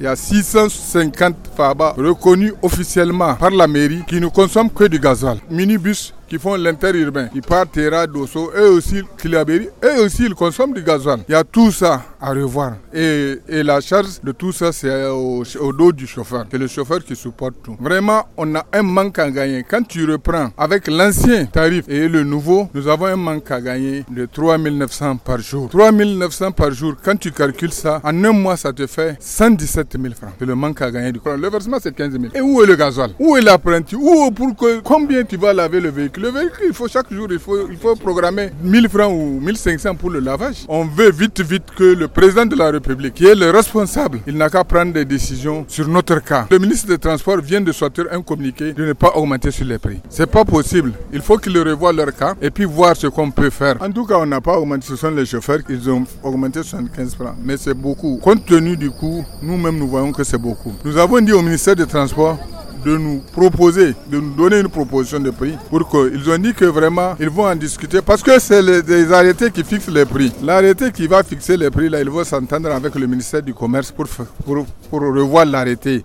Il y a 650 fabas reconnus officiellement par la mairie qui ne consomment que du gasoil. Minibus qui font l'interurbain, qui partent Terra, Dosso, et aussi, Kilaberi, et aussi, ils consomment du gasoil. Il y a tout ça à revoir. Et, et la charge de tout ça, c'est euh, au, dos du chauffeur. C'est le chauffeur qui supporte tout. Vraiment, on a un manque à gagner. Quand tu reprends avec l'ancien tarif et le nouveau, nous avons un manque à gagner de 3 900 par jour. 3 900 par jour, quand tu calcules ça, en un mois, ça te fait 117 000 francs. C'est le manque à gagner du Le versement, c'est 15 000. Et où est le gasoil Où est l'apprenti Où pour que, combien tu vas laver le véhicule le véhicule, il faut chaque jour, il faut, il faut programmer 1000 francs ou 1500 pour le lavage. On veut vite, vite que le président de la République, qui est le responsable, il n'a qu'à prendre des décisions sur notre cas. Le ministre des Transports vient de sortir un communiqué de ne pas augmenter sur les prix. C'est pas possible. Il faut qu'ils revoient leur cas et puis voir ce qu'on peut faire. En tout cas, on n'a pas augmenté. Ce sont les chauffeurs qui ont augmenté 75 francs. Mais c'est beaucoup. Compte tenu du coût, nous-mêmes, nous voyons que c'est beaucoup. Nous avons dit au ministère des Transports de nous proposer, de nous donner une proposition de prix pour qu'ils ont dit que vraiment ils vont en discuter parce que c'est les, arrêtés qui fixent les prix. L'arrêté qui va fixer les prix, là, ils vont s'entendre avec le ministère du Commerce pour, pour revoir l'arrêté.